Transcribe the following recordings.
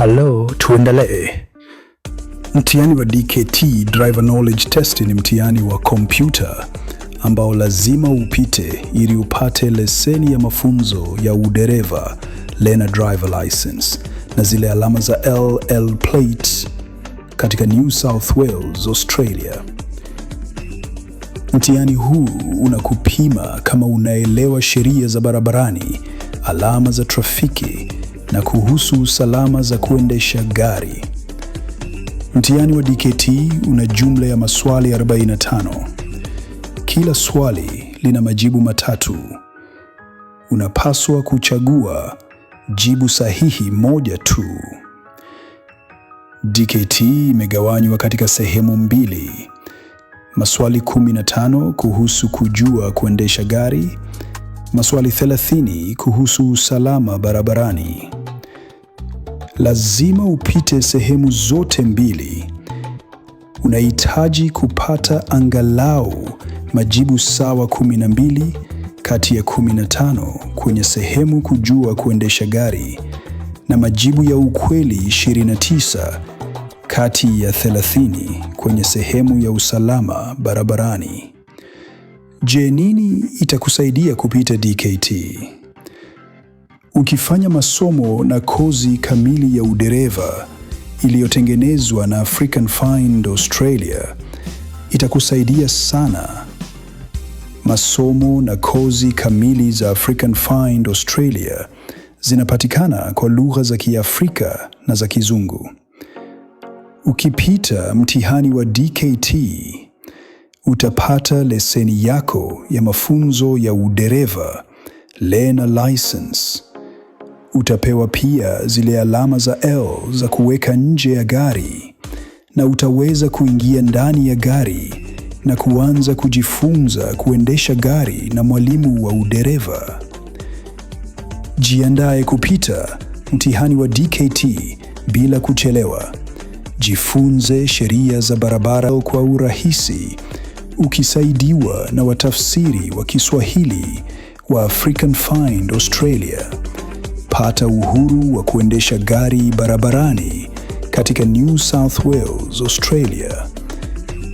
Halo, tuendelee. Mtihani wa DKT Driver Knowledge Test ni mtihani wa kompyuta ambao lazima upite ili upate leseni ya mafunzo ya udereva learner driver license na zile alama za LL plate katika New South Wales, Australia. Mtihani huu unakupima kama unaelewa sheria za barabarani, alama za trafiki na kuhusu salama za kuendesha gari. Mtihani wa DKT una jumla ya maswali 45. Kila swali lina majibu matatu. Unapaswa kuchagua jibu sahihi moja tu. DKT imegawanywa katika sehemu mbili. Maswali 15 kuhusu kujua kuendesha gari, maswali 30 kuhusu usalama barabarani lazima upite sehemu zote mbili. Unahitaji kupata angalau majibu sawa 12 kati ya 15 kwenye sehemu kujua kuendesha gari na majibu ya ukweli 29 kati ya 30 kwenye sehemu ya usalama barabarani. Je, nini itakusaidia kupita DKT? Ukifanya masomo na kozi kamili ya udereva iliyotengenezwa na African Find Australia itakusaidia sana. Masomo na kozi kamili za African Find Australia zinapatikana kwa lugha za Kiafrika na za Kizungu. Ukipita mtihani wa DKT utapata leseni yako ya mafunzo ya udereva learner license. Utapewa pia zile alama za L za kuweka nje ya gari na utaweza kuingia ndani ya gari na kuanza kujifunza kuendesha gari na mwalimu wa udereva. Jiandae kupita mtihani wa DKT bila kuchelewa. Jifunze sheria za barabara kwa urahisi ukisaidiwa na watafsiri wa Kiswahili wa African Find Australia kupata uhuru wa kuendesha gari barabarani katika New South Wales, Australia.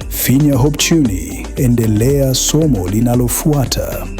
Finya Hoptuni, endelea somo linalofuata.